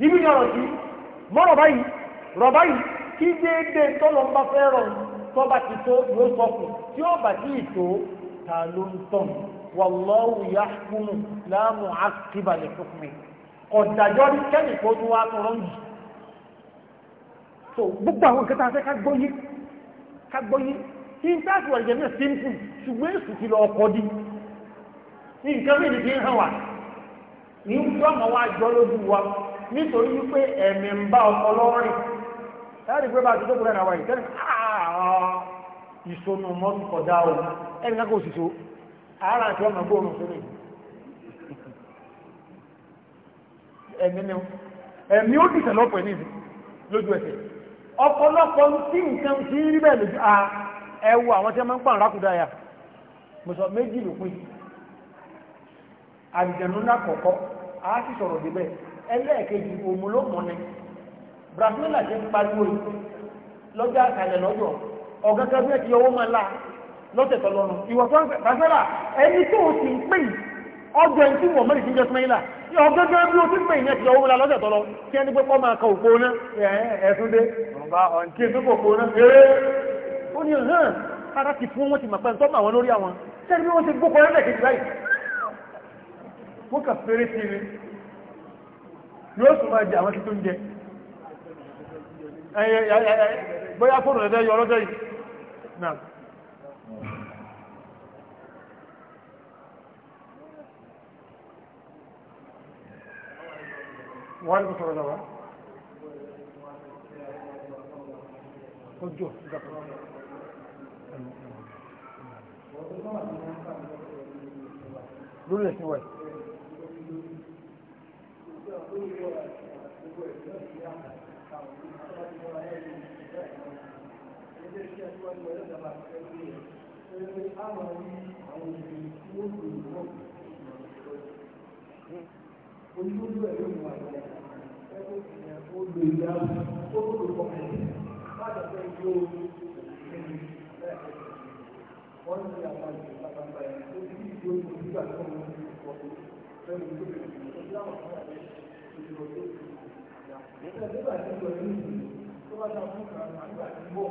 ibi ni ọ̀rọ̀ sí mọ́rọ̀ báyìí rọ̀ báyìí kí déédéé tọ́lọ́ bá fẹ́ rọ̀ tọ́ba ti tó ló sọ kù tí ó bà sí ìtò ta ló ń tọ̀ wallahu yahkumu la mu'aqqiba li hukmi ọ̀dàjọ́ ní kẹ́mì kó tún wá tọrọ yìí so gbogbo àwọn nǹkan fẹ́ ká gbọ́ yé ká gbọ́ yé intanet wà jẹ́ náà simple ṣùgbọ́n èsù ti lọ ọkọ̀ di nǹkan mìíràn ti ń hàn wá ní ń tọ́ ọmọ wa lójú wa nítorí wípé ẹ̀mí ń bá ọkọ lọ́rìn láti pé bá a ti tó kúrẹ́ náà ìṣonú mọ́tò kọjá o ẹni ká kó ara àti ọmọ gbóòrò sórí ẹ̀mí ó dìtẹ̀ lójú tí nǹkan ti rí bẹ́ẹ̀ lójú a àwọn tí máa ń mọ̀sọ̀ méjì ló pín àdìjẹ̀nú kọ̀ọ̀kọ́ a sì sọ̀rọ̀ ẹlẹ́ẹ̀kejì òmùlómù ni brazil àti pariwo lọ́jọ́ àkàlẹ̀ lọ́jọ́ ọ̀gẹ́gẹ́ bí ẹ̀kí owó máa la lọ́tẹ̀ tọ́lọ́run ìwọ̀ tó ń fẹ́ brazil ẹni tó o ti ń pè ọjọ́ ẹni tí wọ́n mẹ́rin ti ń jẹ́ o ti ń pè ẹ̀kí la lọ́tẹ̀ kí ẹni ka òpó ná òpó ná yóò tún máa jẹ àwọn títún jẹ bóyá fóònù ẹ̀dẹ́ yọ ọlọ́dọ̀ yìí náà wọ́n ní kò sọ̀rọ̀ lọ́wọ́ ojú ìdàpọ̀ lórí ẹ̀sìn wáyé ọmọ ẹlẹ́dàá àti ẹgbẹ́ yẹn ẹgbẹ́ àwọn orí àwọn obìnrin tí wọ́n lò ní wọ́n olùdókòwò ẹ̀ ló mú àgbẹ̀ ẹgbẹ́ ìyẹn ó lò ìyá ó lò ọkọ̀ láti fẹ́ yí ó wọ́n ti àwọn ìgbà pàtàkì ẹ̀ tó ti di oṣù nígbà tó ń lò ní ọkọ̀ lẹ́nu tó lè fi ọjọ́ àwọn ọmọ rẹ̀ ìṣòro tó ti di ìyá. Ìṣẹ̀lẹ̀ nígbà tí ó lọ ní ìlú tó bá dá fún ìgbà tó ń bọ̀.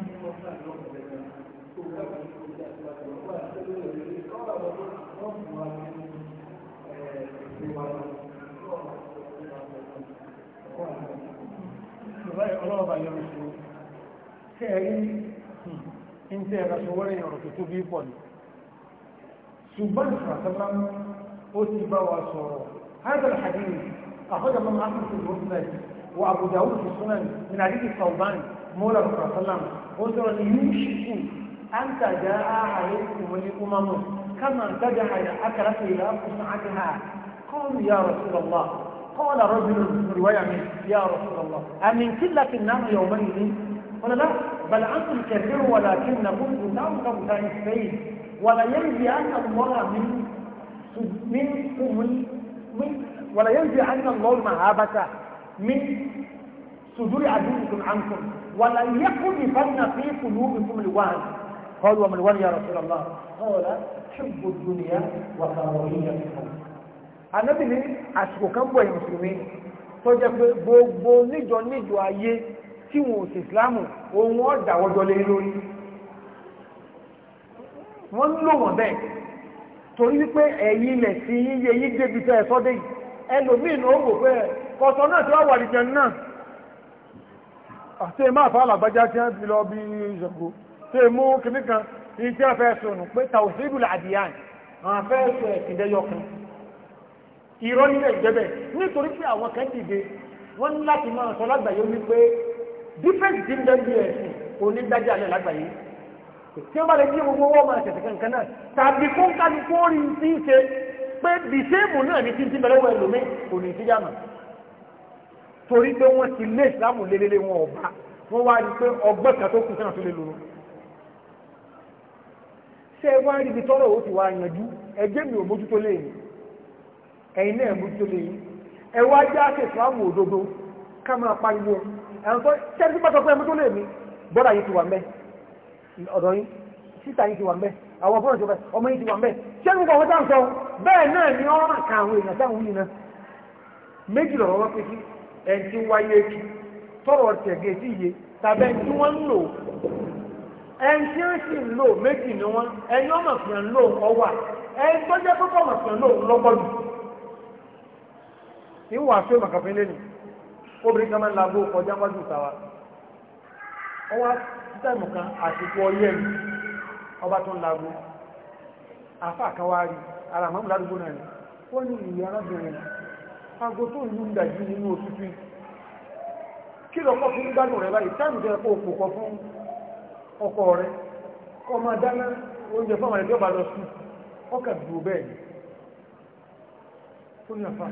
bá yọrù sí kẹrí ń tẹ́ ẹ̀rọ ṣe wọ́rẹ̀ ọ̀rọ̀ هذا الحديث أخرج من أحمد في المسند وأبو داود في السنن من حديث الثوبان مولى صلى الله عليه وسلم قلت يوشك أن تداعى عليكم الأمم كما تدعى أكلت إلى أنفسها قالوا يا رسول الله قال رجل في رواية يا رسول الله أمن في النام يومين قال لا بل أنتم كثير ولكنكم تنام تنسين ولا يرجي أن الله من منكم من ولا يرجي أن الله المهابة من صدور عدوكم عنكم ولا فن في قلوبكم الوان قال وما الوان يا رسول الله قال حب الدنيا وكراهية الحب anábì ní àsìkò kan bọ̀ ẹ̀yìn mùsùlùmí tó jẹ́ pé gbogbo níjọ níjọ ayé tí wọn ò sì ìsìláàmù ohun ọ̀dàwọ́jọ lé lórí wọ́n ń lò wọ́n bẹ́ẹ̀ torí wípé ẹ̀yìn ilẹ̀ sí yíyẹ yí débi tẹ́ ẹ sọ́dẹ̀ yìí ẹlòmíì ní ó wò pé kọ̀sọ̀ náà tí wọ́n wà nìjẹun náà àti èmá àfà alàgbájá tí wọ́n ti lọ bí ìṣògbò tí è mú kìnnìkan ìjẹ́ fẹ́ sọnù pé tàùsíbùlà àdìyàn àwọn afẹ́ sọ ẹ̀sìn irọ́ nílẹ̀ ìjẹ́bẹ̀ nítorí pé àwọn kan dìde wọ́n ní láti máa sọ lágbàáyé wípé difference ti ń bẹ́ bí ẹ̀sìn onígbájá alẹ́ lágbàáyé tí wọ́n bá lè dín gbogbo owó máa tẹ̀sẹ̀ kankan náà tàbí kó ń kájú kó rí ti ń ṣe pé dìsẹ́ẹ̀mù náà ní títí bẹ̀rẹ̀ wọ̀ ẹlòmí kò ní sí jàmà torí pé wọ́n ti lé ìsìlámù lélele wọn ọba wọ́n wá rí pé ọgbọ́n kan tó kù sẹ́nà tó lè lòrò ṣé ẹ wá rí ibi tọ́rọ̀ ó ti wá yanjú ẹgbẹ́ mi ò mójútó léyìn ẹ̀yin náà mú tó léyìn ẹwà ajá àti ìsìláàmù òdodo ká máa pariwo ẹ̀rùn tó tẹ́lifí bá sọ pé ẹmú tó lè mí bọ́dà yìí ti wà mẹ́ ọ̀dọ̀ yìí síta yìí ti wà mẹ́ àwọn ọ̀fọ́nà ti wà mẹ́ ọmọ yìí ti wà mẹ́ ṣẹ́gun kan wọ́n tá ń sọ bẹ́ẹ̀ náà ni ọ́ ràn àwọn èèyàn náà méjì pé kí kí tẹ̀gẹ̀ iye wọ́n ń lò ẹni tí sì ń lò méjì ni wọ́n ẹni ọmọ fìyàn lò ọwà jẹ́ ọmọ fìyàn lò tí ń wà fún ìmọ̀kànfin lẹ́nu obìnrin kan máa ń labó kọjá wájú ìta wa wọ́n wá títàmù kan àsìkò ọyẹ́ mi ọba tó ń labó àfà kan wá rí ara àmọ́ ládùúgbò náà ni wọ́n ní ìyá arábìnrin aago tó ìlú ń dàjú nínú òtútù kí lọ́kọ́ fún gbádùn rẹ̀ báyìí táàmù jẹ́ kó kò kọ fún ọkọ rẹ̀ kọ́ dáná oúnjẹ fún àwọn ẹ̀dẹ́ ọba lọ sùn ọkà dùn bẹ́ẹ̀ ni ó ní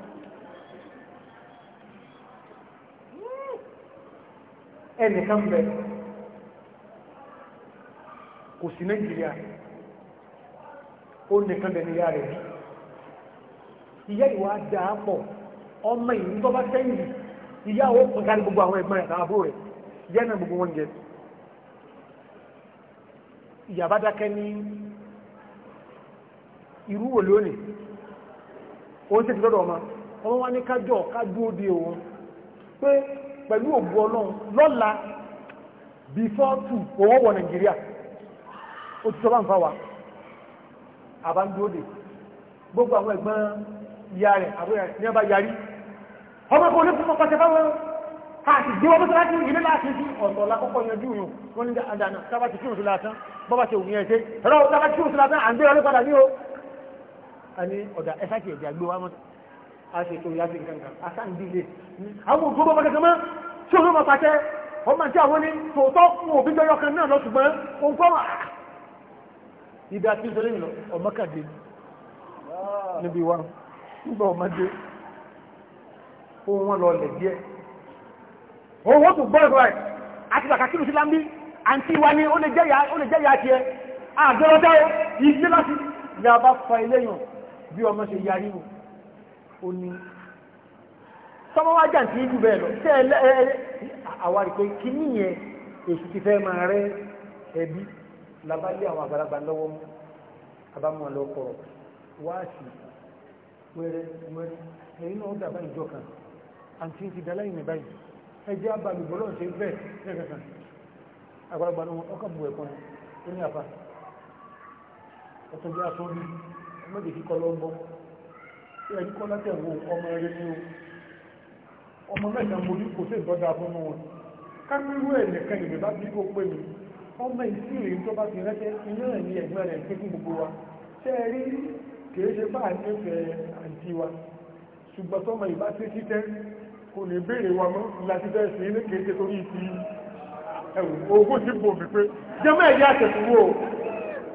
ẹnìkan bẹ kò sí nàìjíríà ó nìkan bẹ rẹ̀ ìyá ìwà dáa pọ̀ ọmọ ìlú tó bá ìyá ó kárí gbogbo àwọn rẹ̀ rẹ̀ ìyá náà gbogbo wọn jẹ ìyá bá dákẹ́ ní irú wò lónìí ó ń lọ́dọ̀ ọmọ ọmọ pẹ̀lú òbú ọlọ́run lọ́la before two òun wọ nàìjíríà ó ti sọ bá ń fa wa àbájúòdè gbogbo àwọn ẹ̀gbọ́n ìyá rẹ̀ àbúrẹ̀ ní ọba yarí ọmọ kan ní fún ọpàṣẹ fáwọn káàkiri gbé ọmọ sọ́lá tí ìlú láti sí ọ̀tọ̀ lákọ́kọ́ yanjú yùn ní a ṣètò ìyáfi nǹkan asáǹdíje àwọn ògbógbó bá kankan mọ́ tí ó mọ́ pàtẹ́ ọmọ tí àwọn ní tòótọ́ fún òbí gbẹ́yọ kan náà lọ ṣùgbọ́n òun kọ́ ibi àti ìṣẹ́lẹ̀ ìlọ ọmọkàdé níbi wa nígbà ọmọdé ohun wọn lọ lẹ̀ díẹ̀ òun wọ́n tó gbọ́ ẹ̀rọ ẹ̀ àti bàkà kí lùsí lámbí àǹtí wa ni ó lè jẹ́ ìyá bí ọmọ ṣe yarí wọn ó ní tọ́mọ́ wá jàǹtí jù bẹ́ẹ̀ lọ tẹ́ ẹ àwárí pé kí nìyẹn èsù ti fẹ́ máa rẹ́ ẹbí labalẹ̀ àwọn àgbàlagbà lọ́wọ́ mú abámu àlọ́ pọ̀rọ̀ wáàsì wẹ́rẹ́ wẹ́rẹ́ ẹ̀yìn náà ó dàbá ìjọ kan àti ti dá láyìn báyìí ẹjẹ́ abàlùbọ́lọ́ ṣe bẹ́ẹ̀ lẹ́kẹ̀kan àgbàlagbà lọ́wọ́ ọkọ̀ bù ẹ̀kọ́ ni ó ní àpá ọ̀tọ̀jú asọ́rí mọ́jẹ̀ kíkọ́ lọ́gbọ́n ẹ̀rí kọ́ lọ́tẹ̀ wo ọmọ ẹ̀rẹ́ ní o ọmọ mẹ́ta mo ní kò sí ìtọ́jà fún wọn kápẹ́rú ẹ̀ nìkan ìrìn bá bí kó pé mi ọmọ ìsìnrìn tó bá ti rẹ́tẹ́ iná ẹ̀ ní ẹ̀gbọ́n rẹ̀ pé fún gbogbo wa ṣe rí kìí ṣe bá àtẹ́fẹ́ àǹtí wa ṣùgbọ́n tọ́mọ ìbá sí títẹ́ kò lè béèrè wa mọ́ láti fẹ́ sí ilé kìí ṣe torí ti ẹ̀wù ogún ti bò mí pé jẹ́mọ́ ẹ̀yà àtẹ̀kùwò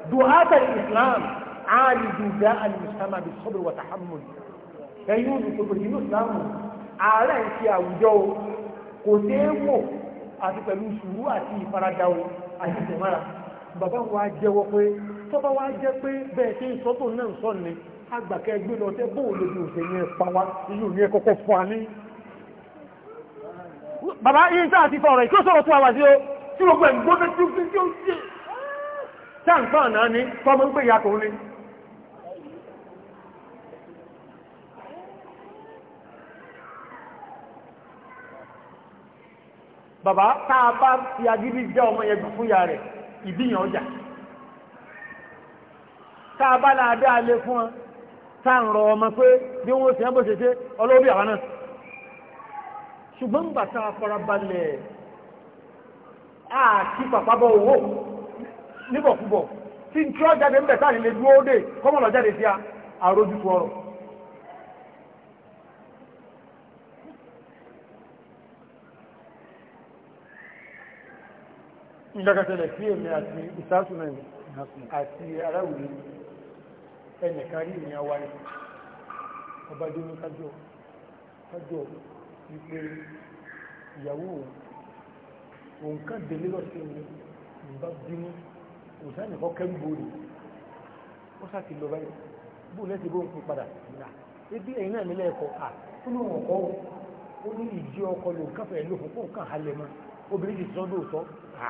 dùn áfẹ́ ìsìláàmù àárídù dá àlùmùsàmà bí sọ́bìrì wọ̀tà hàmùn ẹ̀yìn olùkòkò nínú ìsìlámù ààrẹ ń fi àwùjọ o kò dé wò àti pẹ̀lú sùúrù àti ìfaradà o àti ìtẹ̀mára bàbá wa jẹ́wọ́ pé tọ́bá wa jẹ́ pé bẹ́ẹ̀ tí ń sọ tó náà ń sọ ni agbàkẹ́ gbé lọ tẹ́ bóò lójú òṣè yẹn pa wá inú yẹn kọ́kọ́ fún wa ní. bàbá yìí tá àti fọ̀rọ̀ ìkó sọ̀rọ̀ tó wà sí o tí gbogbo ẹ̀ ń gbóná tí ó fi tí ó ń ṣe. táǹkà náà ni tọ́mọ ń pè ya kò ní. bàbá tá a bá fi agídí jẹ́ ọmọ yẹn gbà fún ìyá rẹ̀ ìbíyàn ọjà tá a bá náà dá alẹ́ fún ọ tá à ń rọ ọmọ pé bí wọ́n sì ń bó ṣe ṣe ọlọ́bí àwa náà ṣùgbọ́n ń bàtà farabalẹ̀ àti pàpàbọ̀ owó níbọ̀kúbọ̀ tí ń tí ọjà dé ń bẹ̀ sáà nílé dúró dé kọ́mọ̀lọ́ jáde sí a àrójútu ọ̀rọ̀ ìgbàkàtẹ̀lẹ̀ sí èmì àti ìsásùnmẹ̀ àti aráwùrí ẹnìkan rí ìrìn àwárí ọba dé ní kájọ kájọ wípé ìyàwó òun kàn délé lọ́sí ní ìbá bínú òsáàlì kọ́kẹ́ ń borí ó sáàtì lọ báyìí bó lẹ́sì bó ń pín padà náà ebi ẹ̀yìn náà nílẹ̀ ẹ̀kọ́ à ó ní wọn kọ́ ó ní ìjí ọkọ lòun káfẹ́ lòun kó kàn halẹ̀ mọ́ obìnrin ti sọ́dọ̀ sọ́ à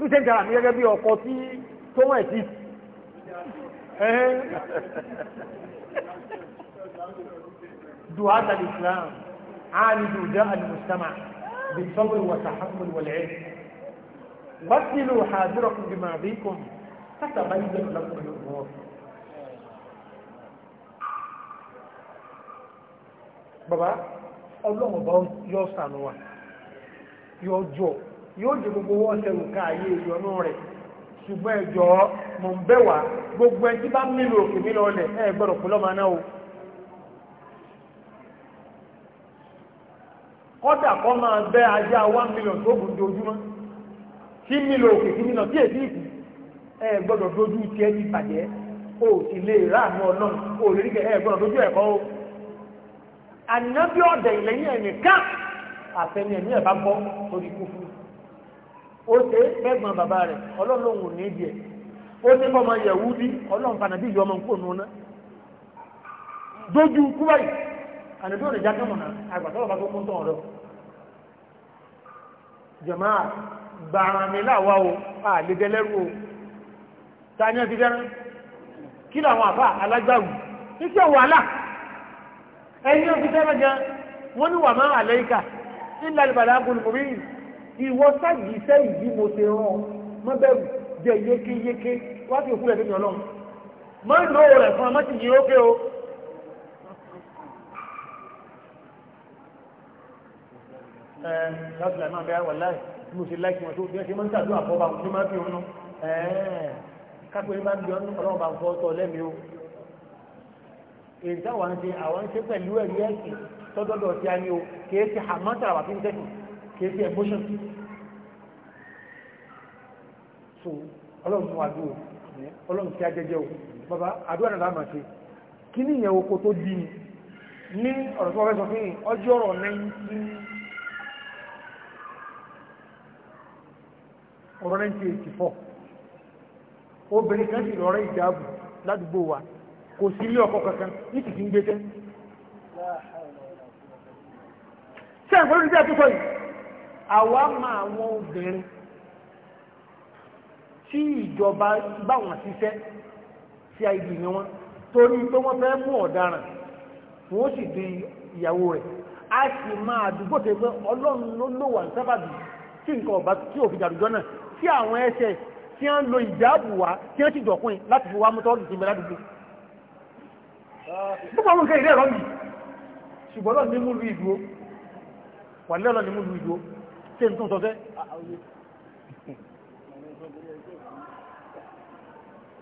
present ara mi gẹ́gẹ́ bí ọkọ tí tó wọ́n ẹ̀tí duwata islam alidu da al-mustama bi sabr wa tahammul wal ilm wasilu hadirakum bima bikum tatabayyanu lakum al-umur baba ọlọ́run yọ sànú wa yọ jọ yóò di gbogbo wọn ṣẹlù ká ayé náà rẹ̀ ṣùgbọ́n ẹjọ́ mọ̀ gbogbo ẹni tí bá nílò òkè mi lọ lẹ̀ ẹ gbọ́dọ̀ pọ̀ ma náà o. kọ́dà kọ́ máa ajá tó dojúmọ́ tí òkè èdè ìkù ẹ dojú ti bàjẹ́ o o lè rí kẹ ẹ o. ìlẹ́yìn àfẹnìyàn ní ẹ̀ ó ṣe lẹ́gbọ̀n bàbá rẹ̀ ọlọ́run lòun ò ní ìdí ẹ̀ ó ṣe fọmọ Yẹ̀wúdí ọlọ́run fànàbí yọ ọmọ nǹkó nùnà dójú kúwáì ànàbí ò ní já kánmọ̀nà àgbàtọ́lọ̀ bá tó kún tán ọ̀rọ̀ jàmáà gbàrànmílà wa o àlejẹlẹ́rú o ta ni ẹ ti dẹ́rán kí làwọn àbá alágbàwù iṣẹ́ wàhálà ẹ̀yin ò ti dẹ́rán gan wọ́n ní wà àlẹ́ ìkà ńlá ìbàdàn agolùmọ̀bí ìwọ sáàgìsẹ́ ìdí mo ti rán mọ́ bẹ̀rù jẹ yékéyéké wá sí òkú ẹ̀fẹ́ ọlọ́run má ń náwó rẹ̀ fún ọmọ sì yí ókè o ẹ̀ẹ́ láti láì máa bẹ́ wà láì mo ṣe láì kí wọn tó bí wọ́n ṣe máa ń tàdó àfọ́bà wọn tó máa fi òun náà bá ń bí ọ́nà ọlọ́run bá ń fọ́ tọ́ lẹ́mi o èyí táwọn ṣe àwọn ṣe pẹ̀lú ẹ̀rí ẹ̀sìn tọ́dọ́dọ̀ ti a ní o kì í ṣe àmọ́tàràwà fi ń tẹ̀sìn kìí emotion so ọlọ́run fún àdúrò ọlọ́run sí ajẹ́jẹ́ o bàbá àdúrà náà láàmà sí kí ní ìyẹn oko tó dí ní ọ̀rọ̀ tí wọ́n fẹ́ sọ fún yìí ọjọ́ ọ̀rọ̀ 19 ọ̀rọ̀ 1984 obìnrin kan sì lọ́rọ̀ ìjáàbù ládùúgbò wa kò sí ilé ọkọ kankan ní tìtì ń gbé tẹ́ sẹ́yìn pẹ̀lú ìdí àtúntò yìí àwa máa àwọn obìnrin tí ìjọba bá wọn ṣiṣẹ́ sí id ni wọn torí pé wọ́n fẹ́ mú ọ̀daràn wọ́n sì di ìyàwó rẹ̀ a sì máa àdúgbò tẹ pé ọlọ́run ló lò wà sábàbí tí nǹkan ọ̀bá tí òfin àdúgbò náà tí àwọn ẹsẹ̀ tí wọ́n lo ìjáàbù wá tí wọ́n ti dọ̀kún láti fi wá mọ́tọ́ọ̀lù ti mẹ́lá dùgbò. púpọ̀ àwọn nǹkan ìrẹ́ ẹ̀rọ yìí ṣùgbọ́n lọ́ọ̀ ní mú lu ìdúró wà lẹ́ọ̀lọ́ ní mú lu ìdúró tí n tún sọ fẹ́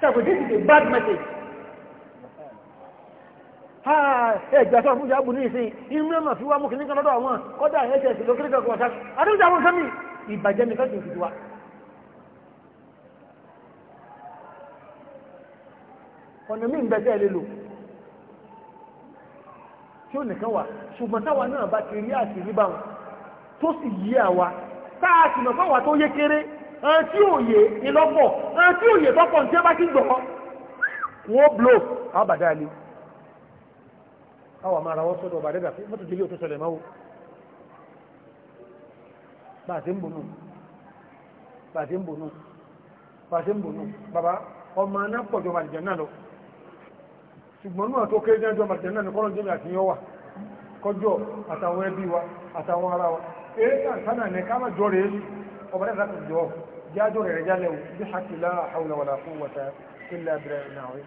ṣàkó a bad message ẹgbẹ́ sọ fún ìyàgbò ní ìsìn inú ẹ̀mà fi wá mú kìíní kan lọ́dọ̀ àwọn kọ́dà ẹ̀ṣẹ̀ ìlú kíríkà kọ̀ọ̀ṣá adúgbò àwọn sẹ́mi ìbàjẹ́ mi fẹ́ tòkìtì wa ọ̀nà mí ń bẹ̀ẹ́ lè lò tí ó nìkan wà ṣùgbọ́n táwa náà bá ti rí àti rí báwọn tó sì yí àwa táà sì mọ̀ fáwà tó yé kéré ẹn tí òye ìlọ́pọ̀ ẹn tí òye tọ́pọ̀ ní tí ó bá kí gbọ́ wọ́n bló àbàdà ni àwọn àmàrà wọ́n sọ́dọ̀ ọba dẹ́gbà fún mọ́tò délé òtún sọlẹ̀ máwó pàṣẹ ń bònú pàṣẹ ń bònú pàṣẹ ń bònú bàbá ọmọ aná pọ̀jọ màlìjẹ̀ náà lọ ṣùgbọ́n náà tó kéré jẹ́ ọjọ́ màlìjẹ̀ náà ni kọ́lọ́jọ́ eekan sana ne kama jore obare da kun jo ja jore re jale bi hakki la hawla wala quwwata illa billah nawi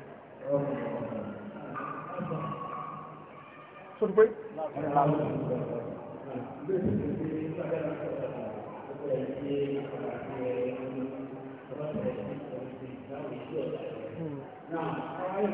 so pe Now,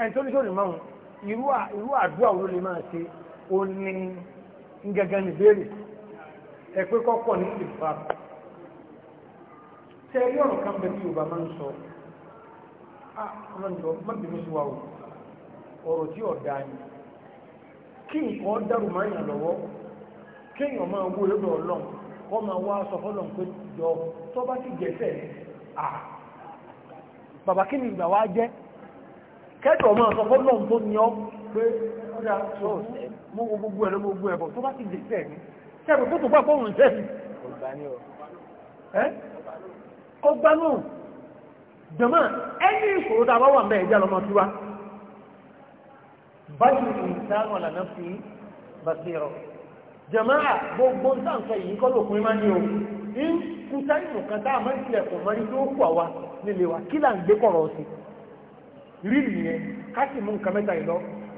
ẹni tó ní máa ń irú àdúrà wo lè máa ṣe ó ní gẹ́gẹ́ ní ìbéèrè ẹ kọ́kọ́ ní ìfà tẹ ẹ̀rí ọ̀rọ̀ kan bẹ̀rẹ̀ Yorùbá máa ń sọ sí wa o ọ̀rọ̀ tí ọ̀dà ni kí nǹkan dàrú máa yàn lọ́wọ́ kéèyàn máa wó lọ́dọ̀ ọlọ́run wọ́n máa wá aṣọ fọ́lọ̀ pé jọ tó bá ti gẹ̀ẹ́sẹ̀ à bàbá kí ni ìgbà wá jẹ́ kẹ́tọ̀ tó ní ọ kódà mú gbogbo ẹ̀ ló gbogbo ẹ̀ bọ̀ tó bá ti dè sẹ́ẹ̀ ní sẹ́ẹ̀ tó tó bá kó òun sẹ́ẹ̀ ní. ọgbà náà jọ̀mọ́ ẹni ìṣòro tá a bá wà mẹ́ ẹ̀jẹ̀ lọ́mọ tiwa. báyìí ni sáwọn lànà fi bàtìrọ jọ̀mọ́ gbogbo sáǹsọ yìí kọ́ lópin máa ní o ní kúta ìmọ̀kan tá a máa ń tilẹ̀kùn mọ́rí tó kù àwa nílé wa kí là ń gbé kọ̀rọ̀ sí rí nìyẹn ká sì mú nǹkan mẹ́ta yìí lọ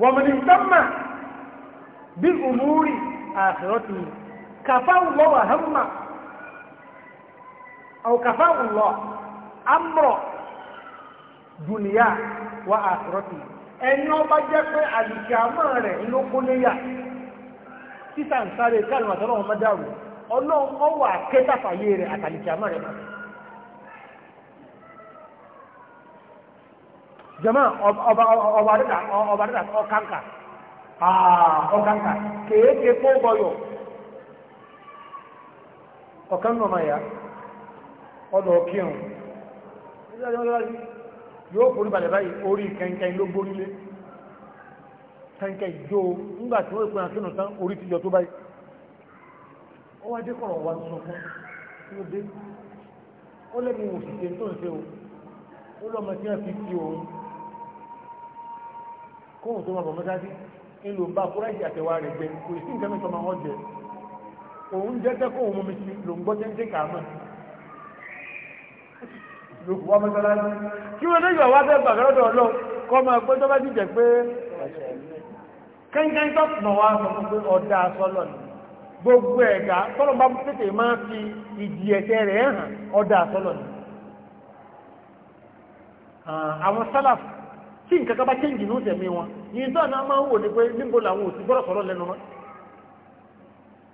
ومن اهتم بأمور آخرته كفاه الله همه أو كفاه الله أمر دنياه وآخرته ẹni ọba jẹ́ pé àlìkàmọ́ rẹ̀ ló kó léyà títà ń sáré kálùmọ̀tọ́lọ́wọ́ mọ́dáwò ọlọ́run ọwà kẹtàfàyé rẹ̀ àtàlìkàmọ́ rẹ̀ máa jama ọbàdàdà ọbàdàdà ọkànkà ah, ọkànkà kéèké kó bọyọ ọkàn nọmọ ya ọdọ kíhùn yóò forí balẹ̀ báyìí orí kẹ́kẹ́ ló gbórílé kẹ́kẹ́ jó ńgbà tí wọ́n ìpín àkínú tán orí ti yọ tó báyìí ó wá dé kọ̀rọ̀ wa sọ fún tí ó dé ó lẹ́nu òṣìṣẹ́ tó ń ṣe o ó lọ́mọ tí wọ́n fi ti òun kóhùn tó máa bọ̀ mọ́sáájú ìlú bá fúráìsì àtẹ̀wá rẹ̀ jẹ kò sí nǹkan mẹ́ta máa wọ́n jẹ òun jẹ́ jẹ́ kóhùn mọ́mi sí ló ń gbọ́ tẹ́ńtẹ́ kàámọ́ lókù wá mọ́sáájú kí wọ́n lẹ́yìn àwọn abẹ́ gbàgbọ́ lọ́dọ̀ ọlọ́ kọ́ máa gbọ́ tó bá dìjẹ́ pé kẹ́ńkẹ́ń tó nà wá sọ fún pé ọ̀dà sọ́lọ̀ ni gbogbo ẹ̀dá tọ́lọ̀ bá tètè máa fi ìdí ẹ̀tẹ́ rẹ̀ hàn ọ̀dà sọ́lọ̀ ni àwọn sálàfù tí nǹkan kan bá kéǹgì ní ó tẹ̀mí wọn yìí tó àná máa ń wò ní pé níbo làwọn ò ti gbọ́dọ̀ sọ̀rọ̀ lẹ́nu mọ́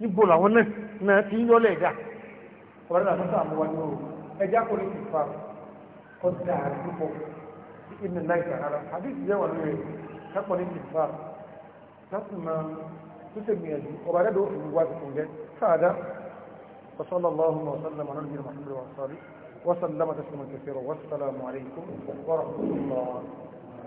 níbo làwọn náà náà ti ń yọ́lẹ̀ ẹ̀dá ọ̀rẹ́ náà sọ́sọ́ àmúwa ní òru ẹja kò ní ìfà kọjá àdúgbò ìnì náìjà rárá àbí ìṣẹ́ wà lórí rẹ̀ kápọ̀ ní ìfà láti máa tó ṣe gbìyànjú ọba rẹ̀ ló fi wá tuntun jẹ́ sáàdá وصلى الله وسلم على نبينا محمد وعلى اله وصحبه وسلم تسليما كثيرا والسلام عليكم ورحمه الله